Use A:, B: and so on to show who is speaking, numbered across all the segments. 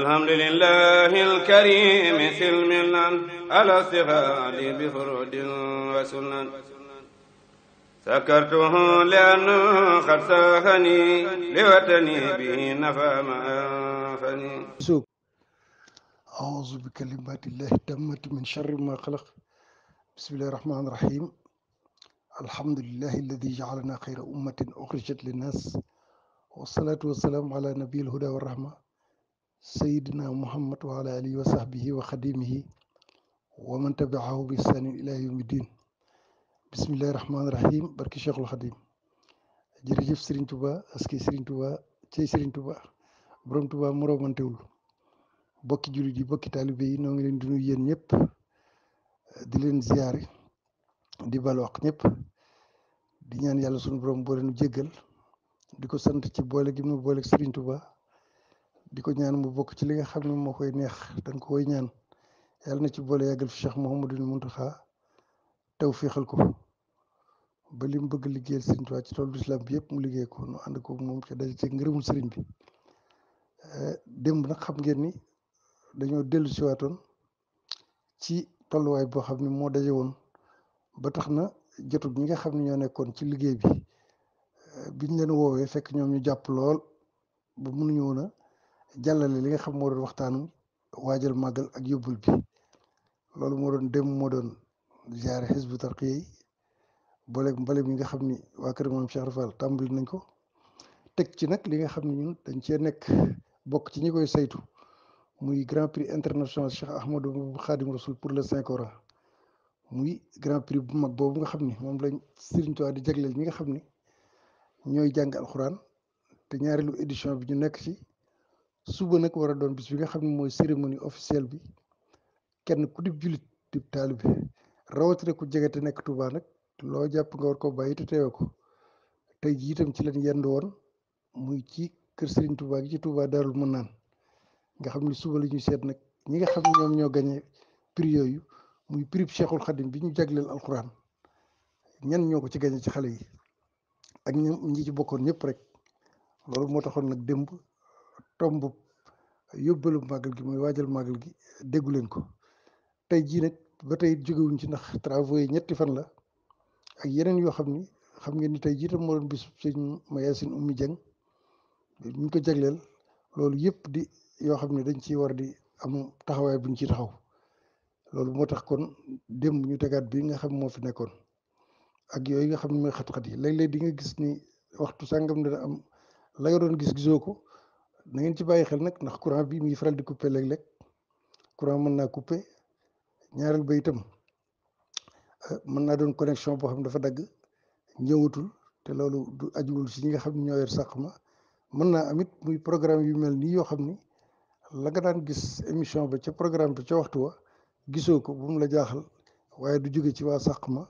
A: الحمد لله الكريم سلم على استغال بفرود وسنن سكرته لأنه قد ساخني لوطني به نفى ما أنفني أعوذ بكلمات الله التامة من شر ما خلق بسم الله الرحمن الرحيم الحمد لله الذي جعلنا خير أمة أخرجت للناس والصلاة والسلام على نبي الهدى والرحمة sayidina muhammad wa ala alihi wa sahbihi wa xadimihi wa man tabiahu bi ihsanin ila yawmi din bismillahi rahmaani rahim barki cheikhul xadim jërëjëf Serigne Touba aski Serigne Touba cey Serigne Touba borom Touba moromantewul bokki jullit bokki taalibe yi noo ngi leen di nuyu yéen ñëpp leen ziyaare di balwax ñëpp di ñaan yàlla sunu borom boole nu jéggal di ko sant ci boole gi mu boole Serigne Touba di ko ñaan mu bokk ci li nga xam ne moo koy neex dañ ko koy ñaan yàlla na ci boole yàggal fi Cheikh Mouhamadul Mountakha taw féexal ko ba li mu bëgg liggéeyal sëriñ Tuubaa ci toolu islam bi yëpp mu liggéey ko nu ànd ko moom ci daje ci ngërëmul bi eh, démb nag xam ngeen ni dañoo dellu siwaatoon ci tolluwaay boo xam ne moo daje woon ba tax na jotut ñi nga xam ne ñoo nekkoon ci liggéey bi eh, biñ leen woowee fekk ñoom ñu jàpp lool ba mënuñu woon a jàllale li nga xam moo doon waxtaanu waajal màggal ak yóbbul bi loolu moo doon dem moo doon ziare xisbu tarqiya yi booleeg mbalem nga xam ni waa kër maam Cheikh Rafal nañ ko teg ci nag li nga xam ne ñun dañ cee nekk bokk ci ñi koy saytu muy grand prix international Cheikh Ahmadou Khadim Rasoul pour le Saint Coran muy grand prix bu mag boobu nga xam ni moom lañ Serigne di jagleel ñi nga xam ni ñooy jàng alxuraan te ñaareelu édition bi ñu nekk ci. suba nag war a doon bis bi nga xam ne mooy cérémonie officielle bi kenn ku dib jullit dib taalibe rawatina ku jege te nekk Touba nag loo jàpp nga war ko bàyyi te ko tey jii itam ci leen yendu woon muy ci kër Serigne Touba gi ci Touba Darou Minane nga xam ne suba la ñu seet nag ñi nga xam ñoom ñoo gañe prix yooyu muy prix Cheikhul Khadim bi ñu jagleel alquran ñenn ñoo ci gañe ci xale yi ak ñi ci bokkoon ñëpp rek nag démb. tomb yóbbalu màggal gi mooy waajal màggal gi déggu leen ko tey jii nag ba tey jógewuñ ci ndax travaux yi ñetti fan la ak yeneen yoo xam ni xam ngeen ni tey jii tam moo doon bis sëñ Mayasin Oumy Dieng ñu ko jagleel loolu yëpp di yoo xam ne dañ ci war di am taxawaay buñ ci taxaw loolu moo tax kon démb ñu tegaat bii nga xam moo fi nekkoon ak yooyu nga xam ne mooy xat-xat yi léeg-léeg di nga gis ni waxtu sàngam dana am la nga doon gis gisoo ko na ngeen ci bàyyi xel nag ndax courant bi muy faral di couper léeg-léeg courant mën naa couper ñaareel ba itam euh, mën naa doon connexion boo xam ne dafa dagg ñëwatul te loolu du ajuwul si ñi nga xam ne ñoo yor sàq ma mën naa amit muy programme yu mel nii yoo xam ni la nga daan gis émission ba ca programme bi ca waxtu wa gisoo ko bu mu la jaaxal waaye du jóge ci waa sàq ma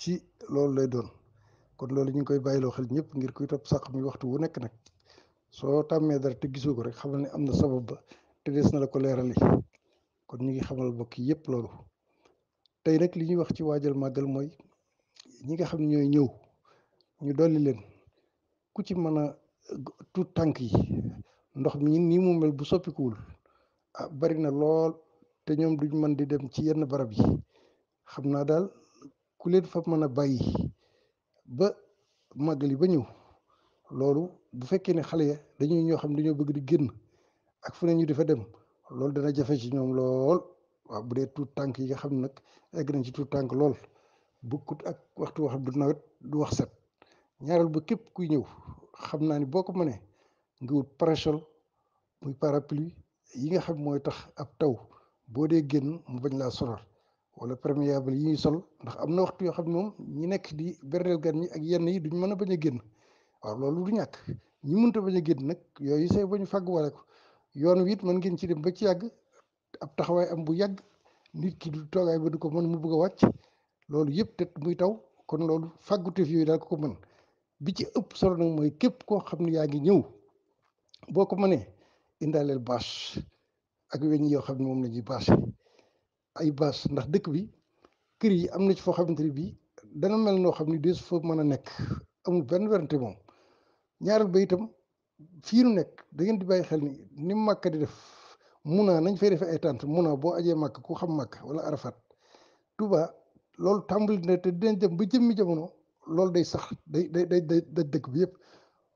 A: ci loolu lay doon kon loolu ñu ngi koy bàyyiloo xel ñëpp ngir koy topp sàq mi waxtu wu nekk nag soo tàmmee dara te gisoo ko rek xamal ne am na sabab ba te des na la ko leerale kon ñu ngi xamal mbokk yépp loolu tey nag li ñuy wax ci waajal màggal mooy ñi nga xam ne ñooy ñëw ñu dolli leen ku ci mën a tuut tànk yi ndox mi nii mu mel bu soppikuwul a ah, bari na lool te ñoom duñ mën di dem ci yenn barab yi xam naa daal ku leen fa mën a bàyyi ba màggal yi ba ñëw loolu bu fekkee ne xale ya dañuy ñoo xam dañoo bëgg di génn ak fu ne ñu di fa dem loolu dana jafe ci ñoom lool waaw bu dee tuut tànk yi nga xam ne nag egg nañ ci tuut tànk lool bukkut ak waxtu woo xam nawet du wax set ñaareel ba képp kuy ñëw xam naa ni boo ko mënee nga wut parasol muy parapluie yi nga xam mooy tax ab taw boo dee génn mu bañ laa sonal wala perméable yi ñuy sol ndax am na waxtu yoo xam ne moom ñi nekk di berndeel gan ñi ak yenn yi duñ mën a bañ a génn waaw loolu du ñàkk ñi mënta bañ a génn nag yooyu say ba ñu wale ko yoon wi it ngeen ci dem ba ci yàgg ab taxawaay am bu yàgg nit ki du toogaay ba du ko mën mu bugg a wàcc loolu yëpp te muy taw kon loolu fàgguteef yooyu daal ko ko mën bi ci ëpp solo nag mooy képp koo xam ne yaa ngi ñëw boo ko mënee indaaleel bâche ak weñ yoo xam ne moom la ñuy bâche ay bâche ndax dëkk bi kër yi am na ci foo xamante ni bii dana mel noo xam ne des foo mën a nekk amul benn werante moom ñaareel ba itam fii nu nekk da ngeen di bàyyi xel ni ni màkk di def munaa nañ fay defee ay tànt munaa boo ajee màkk ku xam màkk wala arafat tuba loolu tàmbali te dinañ dem ba jëmmi jamono loolu day sax day day day daj dëkk bi yëpp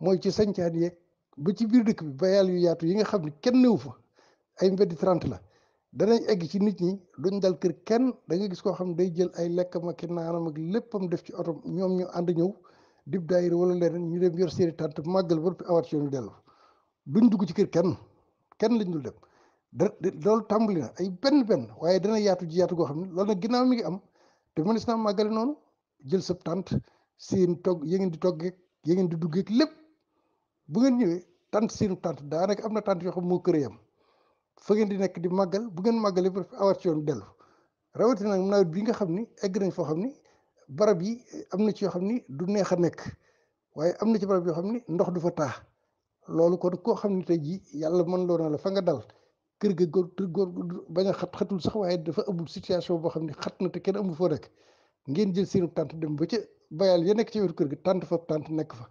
A: mooy ci sañcaan yeeg ba ci biir dëkk bi ba yu yaatu yi nga xam ni kenn néew fa ay mbeddi trente la danañ egg ci nit ñi duñ dal kër kenn da nga gis koo xam ne day jël ay lekk ma ki naanam ak léppam def ci oto ñoom ñu ànd ñëw dib daayira wala leneen ñu dem yor seeni tànt màggal ba awaat ci yoon dellu duñ dugg ci kër kenn kenn lañu dul dem da loolu tàmbali na ay benn benn waaye dana yaatu ji yaatu goo xam ne loolu nag ginnaaw mi ngi am te mënees naa màggale noonu jël sa tànt seen togg ya ngeen di toggeeg ya ngeen di duggeeg lépp bu ngeen ñëwee tànt seenu tànt daanaka am na tànt yoo xam moo kër yam fa ngeen di nekk di màggal bu ngeen màggalee ba awaat ci yoon dellu rawatina nag nawet bii nga xam ni egg nañ foo xam ni barab yi eh, am na ci yoo xam ni du neex a nekk waaye am na ci barab yoo xam ni ndox du fa taa loolu kon koo xam ni tey jii yàlla mën loo na la fa nga dal kër ga góor góor bañ a xat xatul sax waaye dafa amul situation boo xam ni xat na te kenn amul foo rek ngeen jël seenu tànt ba ca bayal ya nekk ci wetu kër gi tànt fa tànt nekk fa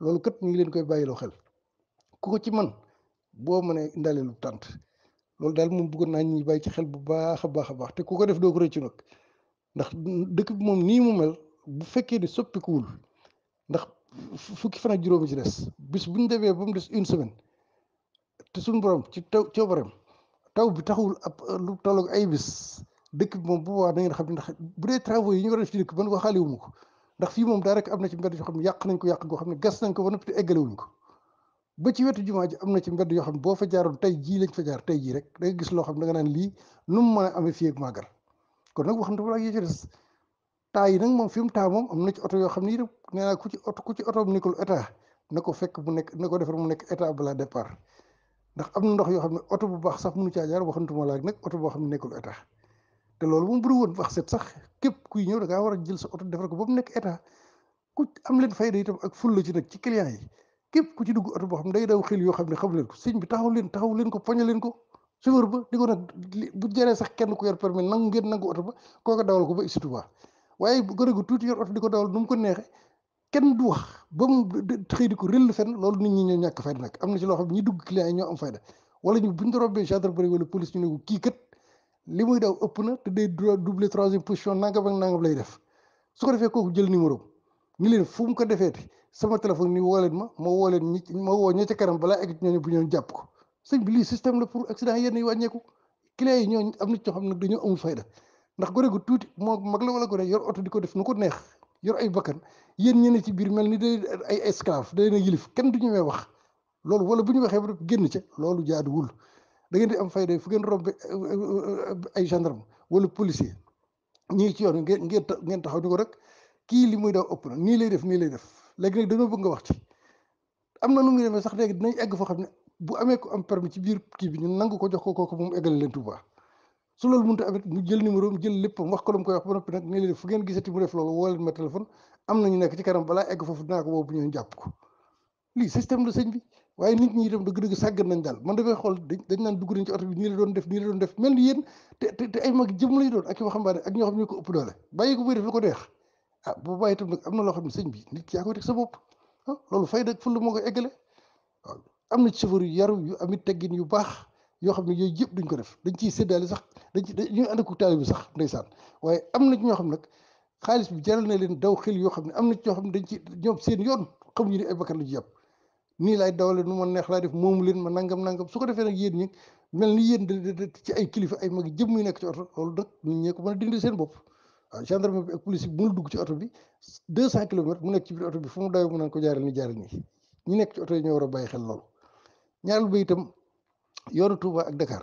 A: loolu kat ñu ngi leen koy bàyyiloo xel ku ko ci man boo mënee indaale lu tànt loolu daal moom buggoon naa ñuy bàyyi ci xel bu baax a baax a baax te ku ko def doo ko rëccu nag ndax dëkk bi moom nii mu mel bu fekkee ni soppikuwul ndax fukki fan ak juróomi ci des bis bu ñu demee ba mu des une semaine te sunu borom ci taw coobareem taw bi taxawul ab ay bis dëkk bi moom bu boobaa da ngeen xam ne ndax bu dee travaux yi ñu war a def ci dëkk waxaale wu ma ko ndax fi moom daa rek am na ci mbedd yoo xam ne yàq nañ ko yàq goo xam ne gas nañ ko ba noppi te eggale wuñ ko ba ci wetu jumaa ji am na ci mbedd yoo xam ne boo fa jaaroon tey jii lañ fa jaar tey jii rek da gis loo xam ne da naan lii nu mën a amee fii ak kon nag waxantuma la ak yi ci des taa yi nag moom fi mu taa moom am na ci oto yoo xam ne yi nee naa ku oto ku ci oto bu nekkul état na ko fekk mu nekk na ko defar mu nekk état balaa départ ndax am ndox yoo xam ne oto bu baax sax mënu caa jaar waxantuma la ak nag oto boo xam ne nekkul état te loolu moom bu woon baax set sax képp kuy ñëw da ngaa a jël sa oto defar ko ba mu nekk état ku am leen fayda itam ak fulla ci nag ci client yi képp ku ci dugg oto boo xam ne day daw xel yoo xam ne xamu leen ko sëñ bi taxaw leen taxaw leen ko poñe leen ko chauffeur ko nag bu jëree sax kenn ku yor permis nangu ngeen nangu ba kooko dawal ko ba isi Touba waaye oto di ko dawal nu mu ko neexee kenn du wax ba mu xëy di ko rëll loolu nit ñi ñoo ñàkk fayda nag am na ci loo xam dugg client ñoo am fayda wala ñu buñ ko robbee gendarmerie wala police ñu ne ko kii li muy daw ëpp na te day double troisième position nangam ak nangam lay def su ko defee kooku jël numéro ni leen fu mu ko defeeti sama téléphone nii woo leen ma ma woo leen ñi ma woo ña ca balaa egg ñooñu bu ñoon jàpp ko sëñ bi lii système la pour accident yenn yi wàññeeku client yi ñooñ am nit ñoo xam ne dañoo amul fayda ndax gone gu tuuti moo mag la wala gone yor oto di ko def nu ko neex yor ay bakkan yéen ñeneen ci biir mel ni day ay esclave day na yilif kenn du ñu may wax loolu wala bu ñu waxee ba génn ca loolu jaaduwul da ngeen di am fayda fu ngeen rombe eh, eh, eh, ay gendarme wala policier ñii ci yoon ngeen ngeen ngeen taxaw ni ko rek kii li muy daw ëpp na nii lay def nii lay def léegi nag bëgg nga wax ci am na nu ngi sax léegi dinañ egg foo xam ne bu amee ko am permis ci biir kii bi ñu nangu ko jox ko kooku moom eggale leen Touba su loolu mënut amit jël numéro mu jël ko lu mu koy ngeen gisati mu def loolu woo leen ma nekk ci kanam balaa egg foofu dinaa ko boobu ñëw jàpp ko lii bi waaye nit ñi itam dëgg sàggan nañ daal man damay xool dañ naan dugg nañ oto bi nii la doon def nii la doon def mel ni yéen te te ay mag ak waxambaane ko ëpp doole bàyyi ko muy def lu ko neex ah bu bàyyi itam am na loo xam ne sëñ bi nit yaa koy teg sa bopp ah loolu fay dag ful moo ko eggale am na ci yu yaru yu amit teggin yu baax yoo xam ne yooyu yëpp duñ ko def dañ ciy séddale sax dañ ci dañuy ànd ak taalibe sax ndeysaan waaye am na ñoo xam nag xaalis bi jaral ne leen daw xel yoo xam ne am na ci ñoo xam ne dañ ci ñoom seen yoon xamuñu ne ay bakkan la ci yàpp nii laay dawale neex laa def moomu leen ma nangam nangam su ko defee nag yéen ñi mel ni yéen ci ay kilifa ay mag jëm muy nekk ci oto loolu nag ñun a dindi seen bopp waaw gendarme bi ak police dugg ci oto bi deux cent kilomètres mu nekk ci biir oto bi fu mu dawee mu naan ko jaaral ni jaaral nii ñi nekk ci oto yi ñoo war a bàyyi xel lool ñaareel ba itam yoonu Touba ak Dakar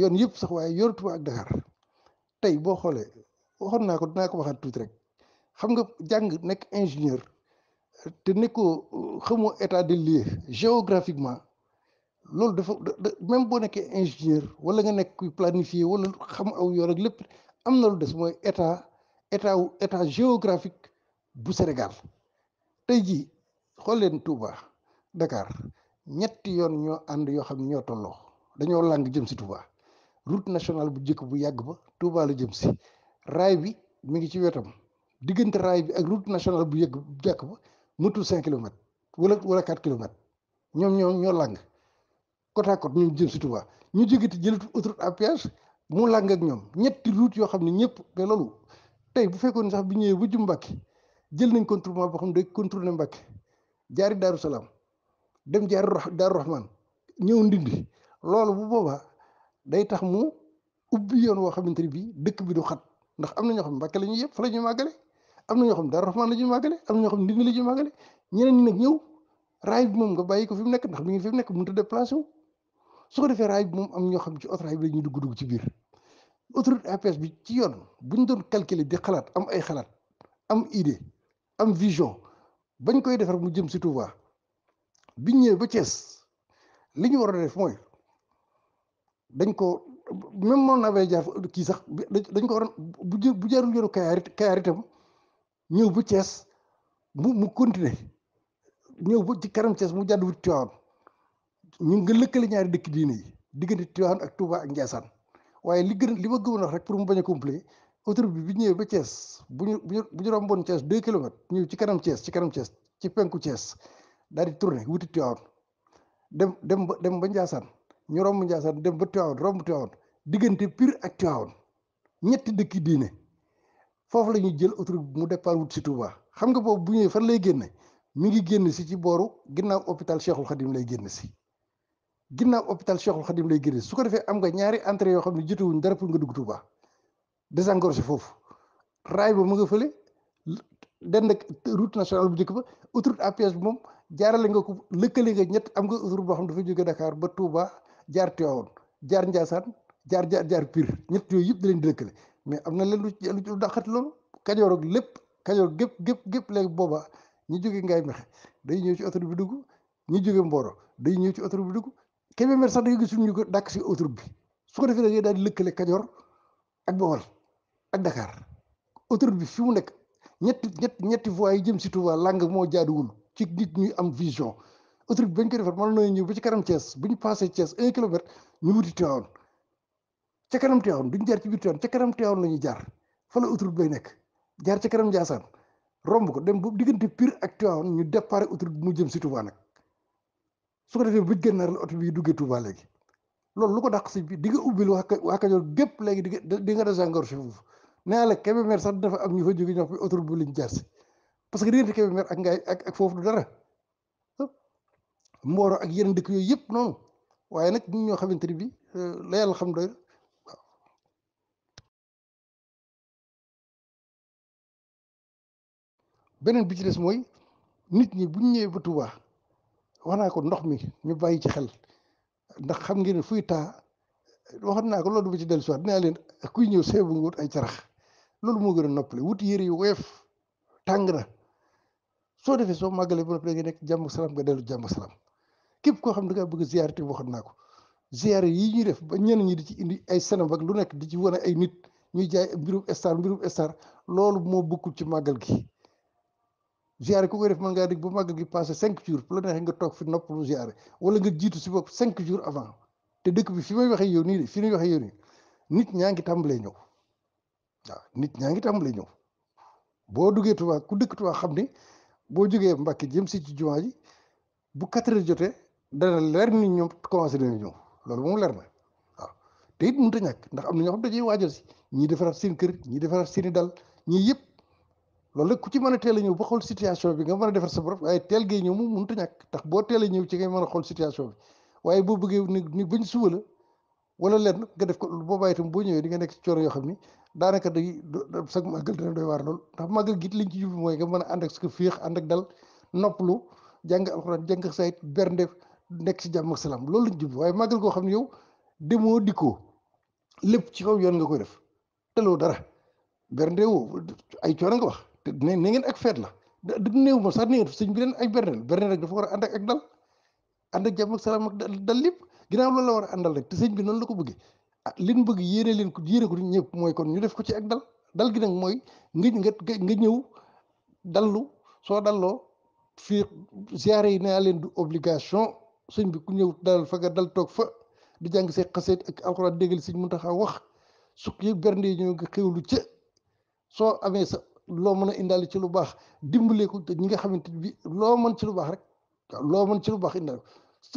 A: yoon yëpp sax waaye yoonu Touba ak Dakar tey boo xoolee waxoon naa ko dinaa ko waxaat tuuti rek xam nga jàng nekk ingénieur te nekkoo xamoo état des lieux géographiquement loolu dafa même boo nekkee ingénieur wala nga nekk kuy planifier wala xam aw yoon ak lépp am na lu des mooy état état état géographique bu Sénégal tey jii xool leen Touba Dakar. ñetti yoon ñoo ànd yoo xam ne ñoo tolloo dañoo làng jëm si Touba route nationale bu njëkk bu yàgg ba Touba la jëm si raay bi mu ngi ci wetam diggante raay bi ak route nationale bu yëgg bu jàkk ba mëtul cinq kilomètres wala wala quatre kilomètres ñoom ñoo ñoo làng côte à côte ñu jëm si Touba ñu jógati jëlatu autoroute à péage mu làng ak ñoom ñetti route yoo xam ne ñëpp te loolu tey bu fekkoon sax bi ñëwee bu ju Mbàkke jël nañ contournement boo xam ne day contourné Mbàkke jaari Daaru Salaam dem jaar Daaru Rahman ñëw ndindi loolu bu boobaa day tax mu ubbi yoon woo xamante ni bii dëkk bi du xat ndax am na ñoo xam ne Mbàkke la ñuy yëpp fa la ñuy màggale am na ñoo xam Daaru Rahman la ñuy màggale am na ñoo xam ndindi la ñuy màggale ñeneen ñi ñëw raay bi moom nga bàyyi ko fi mu nekk ndax mi ngi fi mu nekk mënut a déplacé wu su ko defee raay moom am ñoo xam ci autorail bi ñuy dugg dugg ci biir autoroute APS bi ci yoon bu doon calculer di xalaat am ay xalaat am idée am vision bañ koy defar mu jëm si Touba biñ ñëwee ba Thiès li ñu war a def mooy dañ ko même moom nawet jaar kii sax dañ ko war a bu jë bu jaarul yoonu Kayar Kayar ñëw ba Thiès mu mu continuer ñëw ba ci kanam Thiès mu jàdd wut Tivaouane ñu ngi lëkkale ñaari dëkk diine yi diggante Tivaouane ak Touba ak Ndiassane waaye li gën li ma gëmoon wax rek pour mu bañ a complet autoroute bi bi ñëwee ba cees bu ñu bu ñu romboon Thiès deux kilomètres ñëw ci kanam Thiès ci kanam Thiès ci penku Thiès. daal di tourné wuti Tiwaawan dem dem ba dem ba Njaasaan ñu romb Njaasaan dem ba Tiwaawan romb Tiwaawan diggante Pire ak Tiwaawan ñetti dëkki diine foofu la ñuy jël autoroute mu départ wut si Touba xam nga boobu bu ñëwee fan lay génne mi ngi génn si ci booru ginnaaw hôpital Cheikhul Khadim lay génne si ginnaaw hôpital Cheikhul Khadim lay génn su ko defee am nga ñaari entrée yoo xam ne jotewuñ dara pour nga dugg Touba désengorgé foofu raay ba mu nga fële dend ak route nationale bu njëkk ba autoroute à bi moom jaarale nga ko lëkkale nga ñett am nga autoroute boo xam dafa jóge dakaar ba Touba jaar Tivaouane jaar Ndiassane jaar jaar jaar Pire ñetti yooyu yëpp di leen di lëkkale mais am na leen lu lu lu daxat loolu Kajoor ak lépp Kajoor gépp gépp gépp léegi booba ñu jóge Ngaye Mekhe day ñëw ci autoroute bi dugg ñu jóge Mboro day ñëw ci autoroute bi dugg Kébémer sax dañuy gis ñu ko dàkk si autoroute bi su ko defee da ngay daal di lëkkale Kajoor ak Bawol fi mu nekk ñetti ñetti ñetti voies yi jëm si Touba làng moo jaaduwul. ci nit ñuy am vision autoroute bañ ko defar mën nañu ñëw ba ci kanam Thiès bu ñu passé Thiès un kilomètre ñu wuti Tivaouane ca kanam Tivaouane duñ jaar ci biir Tivaouane ca kanam Tivaouane la ñuy jaar fa la autoroute bay nekk jaar ca kanam Ndiassane romb ko dem ba diggante Pire ak Tivaouane ñu départ autoroute mu jëm si Touba nag su ko defee bu gànnaar la oto bi duggee Touba léegi loolu lu ko daq si bi di nga ubbil waa waa Kajoor gépp léegi di nga di nga désengorger foofu nee naa la Kébémer sax dina fa ñu fa parce que diggante Kébémer ak ngay ak ak foofu du dara Mboro ak yeneen dëkk yooyu yëpp noonu waaye nag ñoo xamante ni bii euh, la xam doy beneen bi ci des mooy nit ñi bu ñu ñëwee ba Touba wax naa ko ndox mi ñu bàyyi ci xel ndax xam ngeen ne fuy taa waxoon naa ko loolu bu ci dellu siwaat dinaa leen kuy ñëw seebu nga wut ay carax loolu moo gën a noppale wut yére yu woyof tàng na soo defee soo màggalee ba noppi da ngay nekk jàmm salaam nga dellu jàmm salaam képp koo xam ne da bëgg ziyaare te waxoon naa ko ziyaare yi ñuy def ba ñenn ñi di ci indi ay senam ak lu nekk di ci wane ay nit ñuy jaay mbirum star mbirum star loolu moo bokkul ci màggal gi ziyaare ku koy def mën ngaa dig ba màggal gi passé cinq jours bu la neexee nga toog fi noppalu ziyaare wala nga jiitu si bopp cinq jours avant te dëkk bi fi may waxee yow nii de fi may waxee yow nit ñaa ngi tàmbalee ñëw waaw nit ñaa ngi tàmbalee ñëw boo duggee Tuubaa ku dëkk Tuubaa xam ni boo jógee Mbàkke jëm si ci jumaa ji bu quatre jote jotee dana leer ni ñoom commencé nañu ñëw loolu moom leer na waaw te it mënut a ñàkk ndax am na ñoo xam dañuy waajal si ñii defaraat seen kër ñii defaraat seen i dal ñii yëpp loolu nag ku ci mën a teel a ñëw ba xool situation bi nga mën a defar sa bopp waaye teel gay ñëw mu mënut a ñàkk ndax boo teel a ñëw ci ngay mën a xool situation bi waaye boo bëggee ni ni bañ suba la wala leen nga def ko boobaa itam boo ñëwee di nga nekk ci coono yoo xam ni daanaka day sag màggal dina doy waar lool ndax màggal gi liñ ci jublu mooy nga mën a ànd ak sa féex ànd ak dal noppalu jàng alxuraan jàng sayit bernde nekk ci jàmm ak salaam loolu lañ jublu waaye màggal goo xam ne yow demoo dikkoo lépp ci kaw yoon nga koy def teloo dara bernde woo ay coono nga wax te ne ngeen ak feet la du néew ma sax ne ngeen sëñ bi leen ay bernde bernde rek dafa war a ànd ak ak dal ànd ak jàmm ak salaam ak dal lépp ginaa loolu la war a àndal rek te sëñ bi noonu la ko bëggee ah liñ bëgg yéene leen ko yéene ñëpp mooy kon ñu def ko ci ak dal dal gi nag mooy nga nga nga ñëw dallu soo dalloo fii ziare yi naa leen du obligation sëñ bi ku ñëw dalal fa nga dal toog fa di jàng see xaseet ak alxuraan déggal sëñ Muntaxa wax sukk yi bernde yi ñëw nga xéwlu ca soo amee sa loo mën a indaale ci lu baax dimbalee ko ñi nga xamante bi loo mën ci lu baax rek waaw loo mën ci lu baax indaale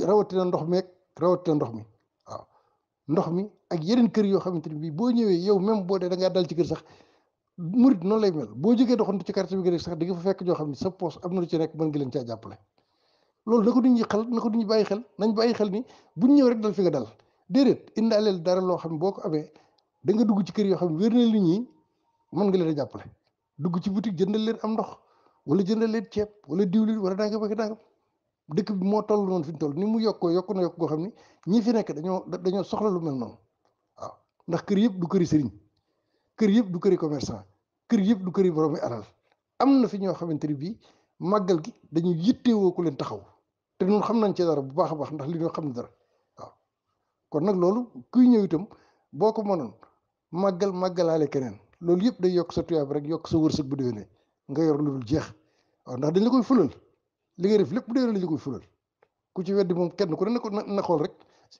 A: rawatina ndox meek te ndox mi waaw ndox mi ak yeneen kër yoo xamante ne bii boo ñëwee yow même boo dee da dal ci kër sax murit noonu lay mel boo jógee doxantu ci quartier bi nga sax di nga fa fekk ñoo xam ne sa poos am na lu ci nekk mën nga leen caa jàppale loolu na ko duñuy xel na ko duñu bàyyi xel nañ bàyyi xel ni buñ ñëw rek dal fi nga dal déedéet indaaleel dara loo xam ne boo ko amee da nga dugg ci kër yoo xam ne wér na li ñi mën nga leen a jàppale dugg ci boutique jëndal leen am ndox wala jëndal leen ceeb wala diwlin wala danga bëgg danga dëkk bi moo toll noonu fi ñu toll ni mu yokkoo yokku na yokk goo xam ni ñi fi nekk dañoo dañoo soxla lu mel noonu waaw ndax kër yëpp du këri sëriñ kër yëpp du këri commerçant kër yëpp du këri borom alal am na fi ñoo xamante ni bii màggal gi dañu yittewoo ku leen taxaw te ñun xam nañ ci dara bu baax a baax ndax li ñoo xam ne dara waaw kon nag loolu kuy ñëw itam boo ko mënoon màggal màggalaale keneen loolu yëpp day yokk sa tuyaab rek yokk sa wërsëg bu déwénee nga yor lu jeex ndax dañ la li ngay def lépp bu dee religieux koy fulal ku ci weddi moom kenn ku ne na na xool rek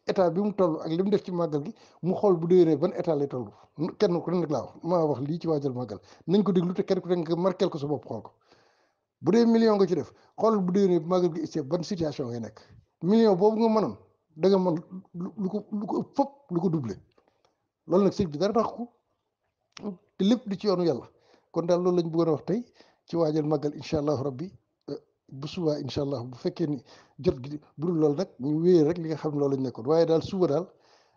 A: état bi mu toll ak li mu def ci màggal gi mu xool bu déwénee ban état lay toll kenn ku ne nag laa wax wax lii ci waajal màggal nañ ko déglu te kenn ku ne nga marqué ko sa bopp ko bu dee million nga ci def xool bu déwénee màggal gi c'est ban situation ngay nekk million boobu nga mënoon da nga mën lu ko lu ko ëpp fop ko doublé loolu nag sëñ bi dara tax ko lépp di ci yoonu yàlla kon daal loolu lañ bëggoon a wax ci waajal màggal incha allahu rabbi bu subaa incha allah bu fekkee ni jot gi bu dul loolu nag ñu wéyee rek li nga xam ne loolu lañ nekkoon waaye daal suba daal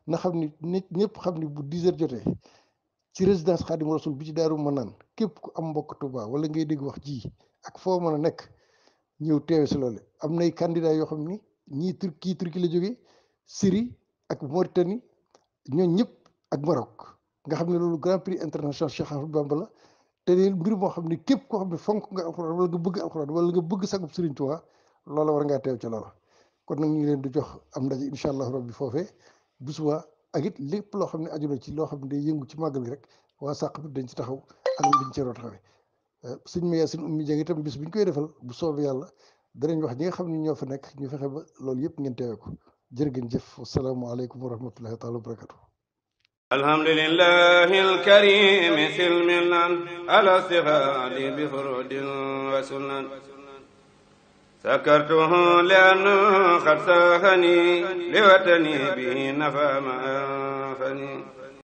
A: na xam ni nit ñëpp xam ni bu 10 heures jotee ci résidence Xaadimu Rasul bi ci Daaru Manaan képp ku am mbokk Touba wala ngay dégg wax ji ak foo mën a nekk ñëw teewe si loolu am nay candidat yoo xam ni ñii tur kii Turki la jóge Syrie ak Mauritanie ñooñ ñëpp ak Maroc nga xam ne loolu Grand Prix international Cheikh Ahmadou la te ni mbir moo xam ne képp koo xam ne fonk nga alxuraan wala nga bëgg alxuraan wala nga bëgg sagub Sëriñ Tuubaa loola war ngaa teew ca loola kon nag ñu ngi leen di jox am ndaje incha allah rabbi foofee bu subaa it lépp loo xam ne aju na ci loo xam ne day yëngu ci màggal gi rek waa sàq bi dañ ci taxaw anam biñ ci war a taxawee eh, sëñ ma Yaasin ummi koy defal bu soobee yàlla danañ wax ñi nga xam ne ñoo fa nekk ñu fexe ba loolu yëpp ngeen teewee ko jërë ngeen jëf wasalaamaaleykum wa rahmatullahi taala wa barakatu الحمد لله الكريم سلمنا على استغال بفرود وسنن سكرته لأنه قد ساهني لوطني به نفى ما أنفني